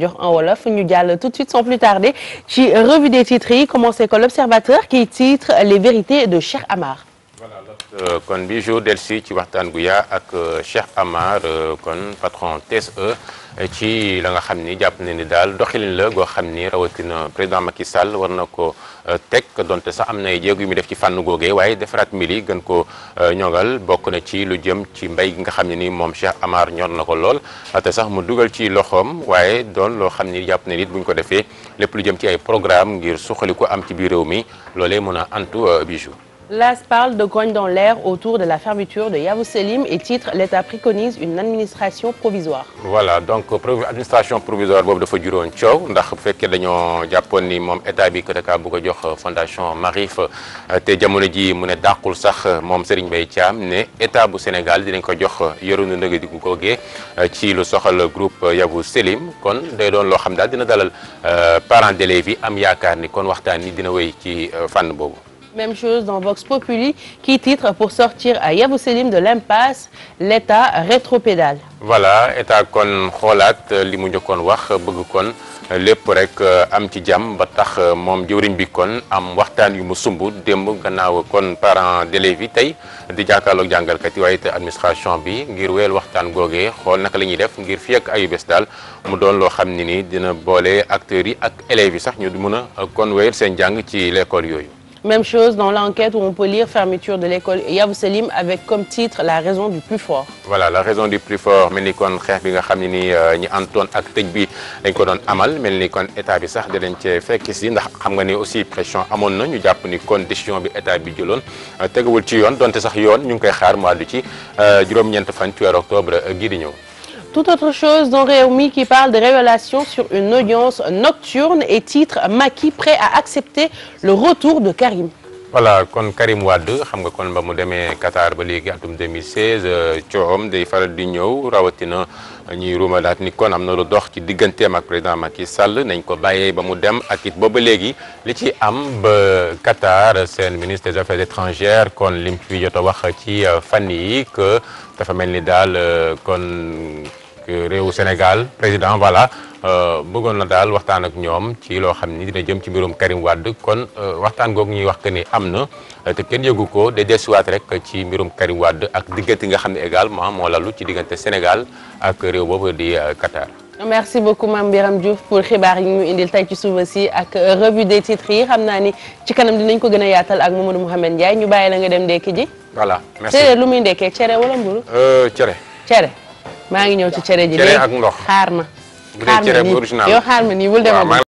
jox en wolof ñu jàll tout de suite sans plus tarder ci revue des titres yi commencé ko l'observateur qui titre les vérités de Cheikh Amar voilà euh, kon bi jour del si ci waxtaan gu yaa ak euh, Cheikh Amar euh, kon patron TSE ci la nga xam ni jàpp na ni daal doxalin la goo xam ni rawatina président Macky Sall war na ko teg donte sax am na jéego yu mu def ci fànn googe waaye defaraat mbili gën ko ñogal bokk na ci lu jëm ci mbay gi nga xam ne ni moom Cheikh Amar ñor na ko lool te sax mu dugal ci loxoom waaye doon loo xam ni jàpp na nit bu ñu ko defee lépp lu jëm ci ay programme ngir suqali ko am ci biir réew mi loolee mën a antu bijou L'AS parle de grogne dans l'air autour de la fermeture de Yavuz Selim et titre l'État préconise une administration provisoire. voilà donc administration provisoire boobu dafa juróon coow ndax bu fekkee dañoo jàppoon ni moom état bi kër bu ko jox fondation Marif te jamono ji mu ne dàqul sax moom Serigne Mbaye Thiam ne état bu Sénégal dinañ ko jox yorunu ndëgg di googee ci lu soxal groupe Yavuz Selim kon day doon loo xam daal dina dalal euh, parent d'élèves yi am yaakaar ni kon waxtaan ni dina wéy ci euh, fànn boobu. Même chose dans Vox Populi qui titre pour sortir à Yavuz Selim de l'impasse l'État rétropédale. voilà état kon xoolaat euh, li mu njëkkoon wax bëgg kon euh, lépp rek euh, am ci jàmm ba tax moom jëwriñ bi kon am waxtaan yu mu sumb démb gannaaw kon parents d'élèves yi tey di jàkkaarloog jàngalkat yi waaye te administration bi ngir wel waxtaan googe xool naka la ñuy def ngir fi ak ayu bés daal mu doon loo xam ni ni dina boole acteurs yi ak élèves yi sax ñu mën a kon wéyal seen jàng ci l'école yooyu. Même chose dans l'enquête où on peut lire fermeture de l'école Yavuz Selim avec la raison du plus la raison du plus fort mel ni kon xeex bi nga xam ne ni euh, ñi antoon ak tëj bi dañ ko doon amal mel ni kon état bi sax dinañ cee fekk si ndax xam nga ni aussi pression amoon na ñu jàpp ni kon décision bi état bi jëloon euh, tegawul ci yoon donte sax yoon ñu ngi koy xaar mu àddu ci euh, juróom-ñeent fan ci weeru octobre gii di ñëw. Tout autre chose dans Réumi qui parle des révélations sur une audience nocturne et titre Macky prêt à accepter le retour de Karim. voilà kon Wade xam nga kon ba mu demee Qatar ba léegi atum 2016 euh, coom day faral di ñëw rawatina ñuy rumalaat ni kon am na lu dox ci digganteem ak président Macky Sall nañ ko bàyyee ba mu dem ak it booba léegi li ci am ba Qatar seen ministre des affaires étrangères kon lim fi jot a ci euh, fan yi que dafa ni daal euh, kon. ak réewu Sénégal président voilà euh, bëggoon na daal waxtaan ak ñoom ci loo xam ni dina jëm ci mbirum Karim Wade kon euh, waxtaan googu ñuy wax que ni am na euh, te kenn yëgu ko de desuwaat rek ci mbirum Karim Wade ak diggante nga xam ne également moo lalu ci diggante Sénégal ak réew boobu di Qatar. merci beaucoup Mame Birame Diouf pour xibaar yi ñu indil tey ci suba si ak revue des titres yi xam naa ni ci kanam dinañ ko gën a yaatal ak Mamadou Mouhamed Ndiaye ñu bàyyi la nga dem ndekki ji. voilà merci lu muy ndekkee cere wala cere cere. maa ngi ñëw ci cere ji léegi cere ak ndox xaar ma. bu dee cere bu original yow xaar ma nii bul demal